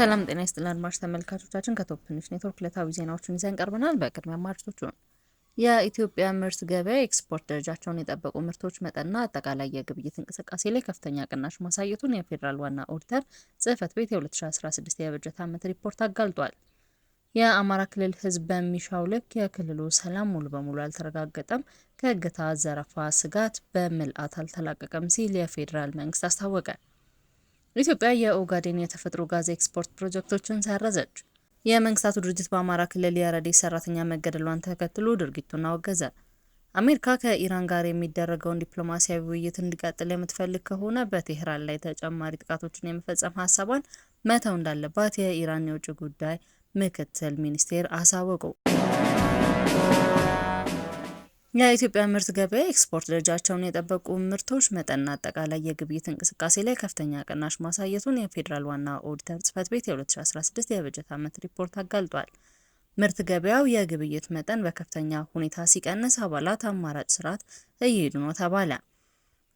ሰላም ጤና ይስጥልን አድማጭ ተመልካቾቻችን ከቶፕ ትንሽ ኔትወርክ ዕለታዊ ዜናዎችን ይዘን ቀርበናል። በቅድሚያ አርዕስቶቹን። የኢትዮጵያ ምርት ገበያ ኤክስፖርት ደረጃቸውን የጠበቁ ምርቶች መጠንና አጠቃላይ የግብይት እንቅስቃሴ ላይ ከፍተኛ ቅናሽ ማሳየቱን የፌዴራል ዋና ኦዲተር ጽህፈት ቤት የ2016 የበጀት ዓመት ሪፖርት አጋልጧል። የአማራ ክልል ህዝብ በሚሻው ልክ የክልሉ ሰላም ሙሉ በሙሉ አልተረጋገጠም፣ ከእገታ ዘረፋ ስጋት በምልአት አልተላቀቀም ሲል የፌዴራል መንግስት አስታወቀ። ኢትዮጵያ የኦጋዴን የተፈጥሮ ጋዝ ኤክስፖርት ፕሮጀክቶችን ሰረዘች። የመንግስታቱ ድርጅት በአማራ ክልል የረድኤት ሰራተኛ መገደሏን ተከትሎ ድርጊቱን አወገዘ። አሜሪካ ከኢራን ጋር የሚደረገውን ዲፕሎማሲያዊ ውይይት እንዲቀጥል የምትፈልግ ከሆነ በቴህራን ላይ ተጨማሪ ጥቃቶችን የመፈጸም ሀሳቧን መተው እንዳለባት የኢራን የውጭ ጉዳይ ምክትል ሚኒስቴር አሳወቁ። የኢትዮጵያ ምርት ገበያ ኤክስፖርት ደረጃቸውን የጠበቁ ምርቶች መጠንና አጠቃላይ የግብይት እንቅስቃሴ ላይ ከፍተኛ ቅናሽ ማሳየቱን የፌዴራል ዋና ኦዲተር ጽፈት ቤት የ2016 የበጀት ዓመት ሪፖርት አጋልጧል። ምርት ገበያው የግብይት መጠን በከፍተኛ ሁኔታ ሲቀንስ አባላት አማራጭ ስርዓት እየሄዱ ነው ተባለ።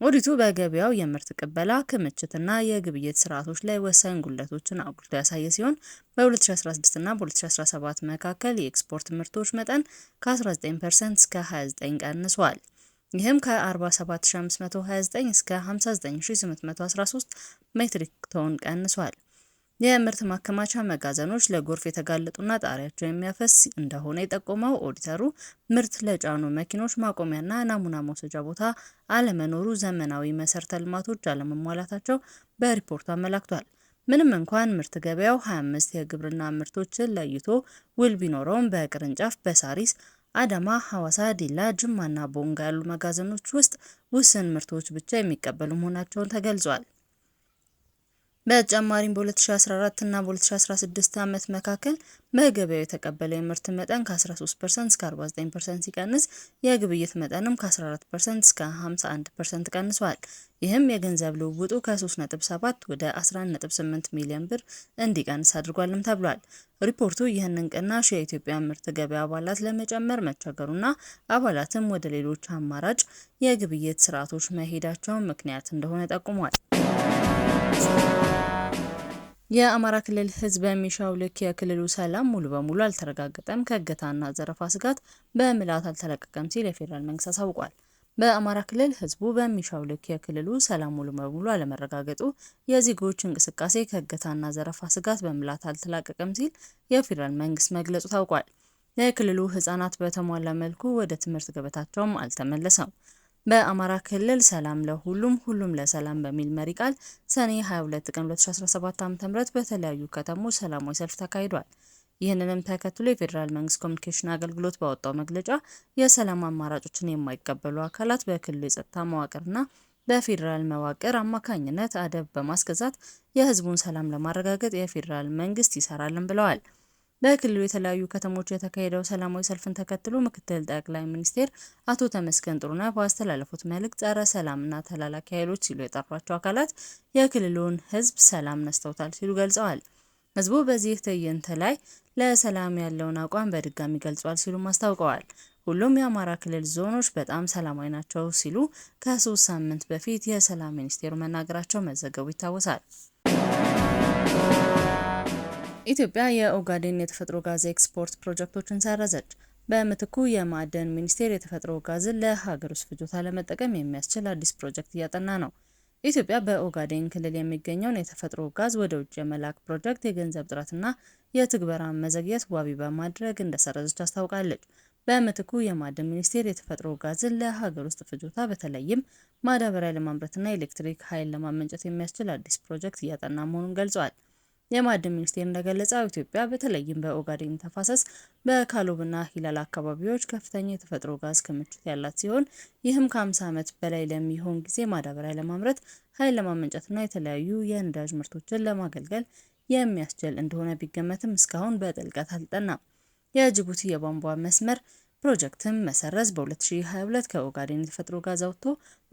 ኦዲቱ በገበያው የምርት ቅበላ፣ ክምችትና የግብይት ስርዓቶች ላይ ወሳኝ ጉድለቶችን አጉልቶ ያሳየ ሲሆን በ2016ና በ2017 መካከል የኤክስፖርት ምርቶች መጠን ከ19 ፐርሰንት እስከ 29 ቀንሷል። ይህም ከ47529 እስከ 59813 ሜትሪክ ቶን ቀንሷል። የምርት ማከማቻ መጋዘኖች ለጎርፍ የተጋለጡና ጣሪያቸው የሚያፈስ እንደሆነ የጠቆመው ኦዲተሩ ምርት ለጫኑ መኪኖች ማቆሚያና ናሙና መውሰጃ ቦታ አለመኖሩ፣ ዘመናዊ መሰረተ ልማቶች አለመሟላታቸው በሪፖርቱ አመላክቷል። ምንም እንኳን ምርት ገበያው 25 የግብርና ምርቶችን ለይቶ ውል ቢኖረውም በቅርንጫፍ በሳሪስ አዳማ፣ ሐዋሳ፣ ዲላ፣ ጅማና ቦንጋ ያሉ መጋዘኖች ውስጥ ውስን ምርቶች ብቻ የሚቀበሉ መሆናቸውን ተገልጿል። በተጨማሪም በ2014 እና በ2016 ዓመት መካከል በገበያው የተቀበለው የምርት መጠን ከ13% እስከ 49% ሲቀንስ የግብይት መጠንም ከ14% እስከ 51% ቀንሷል። ይህም የገንዘብ ልውውጡ ከ3.7 ወደ 11.8 ሚሊዮን ብር እንዲቀንስ አድርጓልም ተብሏል። ሪፖርቱ ይህንን ቅናሽ የኢትዮጵያ ምርት ገበያ አባላት ለመጨመር መቸገሩና አባላትም ወደ ሌሎች አማራጭ የግብይት ስርዓቶች መሄዳቸውን ምክንያት እንደሆነ ጠቁሟል። የአማራ ክልል ህዝብ በሚሻው ልክ የክልሉ ሰላም ሙሉ በሙሉ አልተረጋገጠም፣ ከእገታና ዘረፋ ስጋት በምላት አልተለቀቀም ሲል የፌዴራል መንግስት አሳውቋል። በአማራ ክልል ህዝቡ በሚሻው ልክ የክልሉ ሰላም ሙሉ በሙሉ አለመረጋገጡ የዜጎች እንቅስቃሴ ከእገታና ዘረፋ ስጋት በምላት አልተላቀቀም ሲል የፌዴራል መንግስት መግለጹ ታውቋል። የክልሉ ህጻናት በተሟላ መልኩ ወደ ትምህርት ገበታቸውም አልተመለሰም። በአማራ ክልል ሰላም ለሁሉም ሁሉም ለሰላም በሚል መሪ ቃል ሰኔ 22 ቀን 2017 ዓ.ም በተለያዩ ከተሞች ሰላማዊ ሰልፍ ተካሂዷል። ይህንንም ተከትሎ የፌዴራል መንግስት ኮሚኒኬሽን አገልግሎት ባወጣው መግለጫ የሰላም አማራጮችን የማይቀበሉ አካላት በክልሉ የጸጥታ መዋቅርና በፌዴራል መዋቅር አማካኝነት አደብ በማስገዛት የህዝቡን ሰላም ለማረጋገጥ የፌዴራል መንግስት ይሰራልን ብለዋል። በክልሉ የተለያዩ ከተሞች የተካሄደው ሰላማዊ ሰልፍን ተከትሎ ምክትል ጠቅላይ ሚኒስትር አቶ ተመስገን ጥሩነህ ባስተላለፉት መልእክት ጸረ ሰላምና ተላላኪ ኃይሎች ሲሉ የጠሯቸው አካላት የክልሉን ህዝብ ሰላም ነስተውታል ሲሉ ገልጸዋል። ህዝቡ በዚህ ትዕይንት ላይ ለሰላም ያለውን አቋም በድጋሚ ገልጿል ሲሉም አስታውቀዋል። ሁሉም የአማራ ክልል ዞኖች በጣም ሰላማዊ ናቸው ሲሉ ከሶስት ሳምንት በፊት የሰላም ሚኒስቴሩ መናገራቸው መዘገቡ ይታወሳል። ኢትዮጵያ የኦጋዴን የተፈጥሮ ጋዝ ኤክስፖርት ፕሮጀክቶችን ሰረዘች። በምትኩ የማደን ሚኒስቴር የተፈጥሮ ጋዝን ለሀገር ውስጥ ፍጆታ ለመጠቀም የሚያስችል አዲስ ፕሮጀክት እያጠና ነው። ኢትዮጵያ በኦጋዴን ክልል የሚገኘውን የተፈጥሮ ጋዝ ወደ ውጭ የመላክ ፕሮጀክት የገንዘብ እጥረትና የትግበራ መዘግየት ዋቢ በማድረግ እንደሰረዘች አስታውቃለች። በምትኩ የማዕድን ሚኒስቴር የተፈጥሮ ጋዝን ለሀገር ውስጥ ፍጆታ በተለይም ማዳበሪያ ለማምረትና ኤሌክትሪክ ኃይል ለማመንጨት የሚያስችል አዲስ ፕሮጀክት እያጠና መሆኑን ገልጿል። የማዕድን ሚኒስቴር እንደገለጸው ኢትዮጵያ በተለይም በኦጋዴን ተፋሰስ በካሎብና ሂላል አካባቢዎች ከፍተኛ የተፈጥሮ ጋዝ ክምችት ያላት ሲሆን ይህም ከ50 ዓመት በላይ ለሚሆን ጊዜ ማዳበሪያ ለማምረት፣ ኃይል ለማመንጨትና የተለያዩ የነዳጅ ምርቶችን ለማገልገል የሚያስችል እንደሆነ ቢገመትም እስካሁን በጥልቀት አልተጠናም። የጅቡቲ የቧንቧ መስመር ፕሮጀክትም መሰረዝ በ2022 ከኦጋዴን የተፈጥሮ ጋዝ አውጥቶ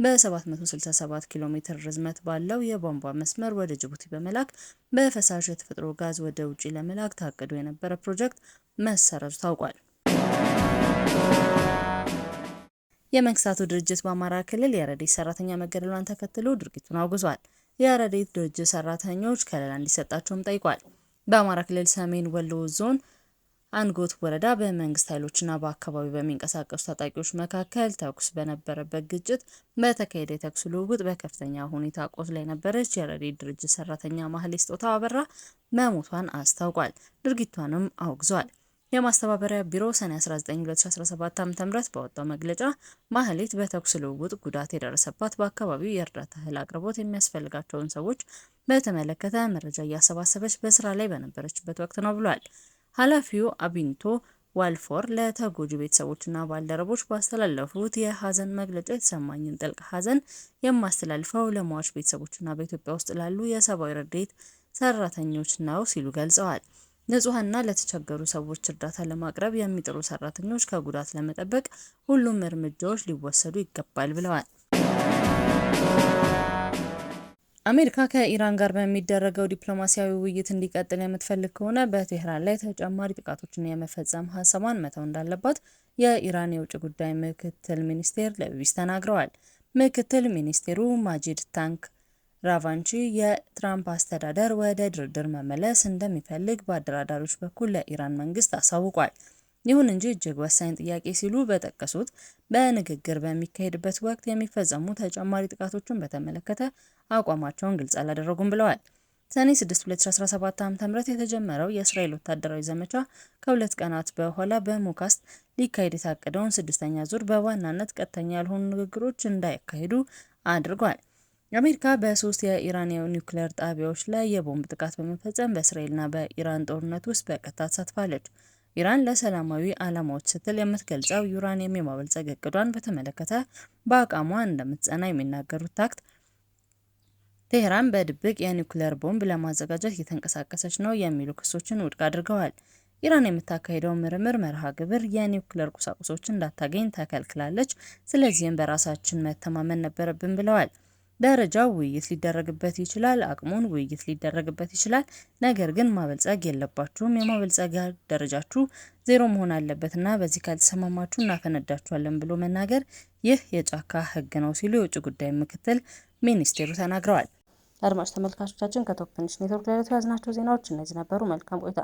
በ767 ኪሎ ሜትር ርዝመት ባለው የቧንቧ መስመር ወደ ጅቡቲ በመላክ በፈሳሽ የተፈጥሮ ጋዝ ወደ ውጪ ለመላክ ታቅዶ የነበረ ፕሮጀክት መሰረቱ ታውቋል። የመንግስታቱ ድርጅት በአማራ ክልል የረዴት ሰራተኛ መገደሏን ተከትሎ ድርጊቱን አውግዟል። የረዴት ድርጅት ሰራተኞች ከለላ እንዲሰጣቸውም ጠይቋል። በአማራ ክልል ሰሜን ወሎ ዞን አንጎት ወረዳ በመንግስት ኃይሎችና በአካባቢው በሚንቀሳቀሱ ታጣቂዎች መካከል ተኩስ በነበረበት ግጭት በተካሄደ የተኩስ ልውውጥ በከፍተኛ ሁኔታ ላይ የነበረች የረድኤት ድርጅት ሰራተኛ ማህሌት ስጦታ አበራ መሞቷን አስታውቋል። ድርጊቷንም አውግዟል። የማስተባበሪያ ቢሮ ሰኔ 19/2017 ዓ.ም በወጣው መግለጫ ማህሌት በተኩስ ልውውጥ ጉዳት የደረሰባት በአካባቢው የእርዳታ እህል አቅርቦት የሚያስፈልጋቸውን ሰዎች በተመለከተ መረጃ እያሰባሰበች በስራ ላይ በነበረችበት ወቅት ነው ብሏል። ኃላፊው አቢንቶ ዋልፎር ለተጎጂ ቤተሰቦችና ባልደረቦች ባስተላለፉት የሀዘን መግለጫ የተሰማኝን ጥልቅ ሀዘን የማስተላልፈው ለሟች ቤተሰቦችና በኢትዮጵያ ውስጥ ላሉ የሰብአዊ ረድኤት ሰራተኞች ነው ሲሉ ገልጸዋል። ንጹህና ለተቸገሩ ሰዎች እርዳታ ለማቅረብ የሚጥሩ ሰራተኞች ከጉዳት ለመጠበቅ ሁሉም እርምጃዎች ሊወሰዱ ይገባል ብለዋል። አሜሪካ ከኢራን ጋር በሚደረገው ዲፕሎማሲያዊ ውይይት እንዲቀጥል የምትፈልግ ከሆነ በቴህራን ላይ ተጨማሪ ጥቃቶችን የመፈጸም ሀሳቧን መተው እንዳለባት የኢራን የውጭ ጉዳይ ምክትል ሚኒስቴር ለቢቢሲ ተናግረዋል። ምክትል ሚኒስቴሩ ማጂድ ታንክ ራቫንቺ የትራምፕ አስተዳደር ወደ ድርድር መመለስ እንደሚፈልግ በአደራዳሪዎች በኩል ለኢራን መንግስት አሳውቋል። ይሁን እንጂ እጅግ ወሳኝ ጥያቄ ሲሉ በጠቀሱት በንግግር በሚካሄድበት ወቅት የሚፈጸሙ ተጨማሪ ጥቃቶችን በተመለከተ አቋማቸውን ግልጽ አላደረጉም ብለዋል። ሰኔ 6 2017 ዓ.ም የተጀመረው የእስራኤል ወታደራዊ ዘመቻ ከሁለት ቀናት በኋላ በሞካስት ሊካሄድ የታቀደውን ስድስተኛ ዙር በዋናነት ቀጥተኛ ያልሆኑ ንግግሮች እንዳይካሄዱ አድርጓል። አሜሪካ በሶስት የኢራን የኒውክሌር ጣቢያዎች ላይ የቦምብ ጥቃት በመፈጸም በእስራኤልና በኢራን ጦርነት ውስጥ በቀጥታ ተሳትፋለች። ኢራን ለሰላማዊ ዓላማዎች ስትል የምትገልጸው ዩራኒየም የማበልጸግ እቅዷን በተመለከተ በአቋሟ እንደምትጸና የሚናገሩት ታክት ቴህራን በድብቅ የኒውክሌር ቦምብ ለማዘጋጀት እየተንቀሳቀሰች ነው የሚሉ ክሶችን ውድቅ አድርገዋል። ኢራን የምታካሄደው ምርምር መርሃ ግብር የኒውክሌር ቁሳቁሶችን እንዳታገኝ ተከልክላለች፣ ስለዚህም በራሳችን መተማመን ነበረብን ብለዋል። ደረጃው ውይይት ሊደረግበት ይችላል፣ አቅሙን ውይይት ሊደረግበት ይችላል። ነገር ግን ማበልጸግ የለባችሁም። የማበልጸጊያ ደረጃችሁ ዜሮ መሆን አለበትና በዚህ ካልተሰማማችሁ እናፈነዳችኋለን ብሎ መናገር ይህ የጫካ ሕግ ነው ሲሉ የውጭ ጉዳይ ምክትል ሚኒስቴሩ ተናግረዋል። አድማጭ ተመልካቾቻችን ከቶፕ ትንሽ ኔትወርክ ላይ ያዝናቸው ዜናዎች እነዚህ ነበሩ። መልካም ቆይታ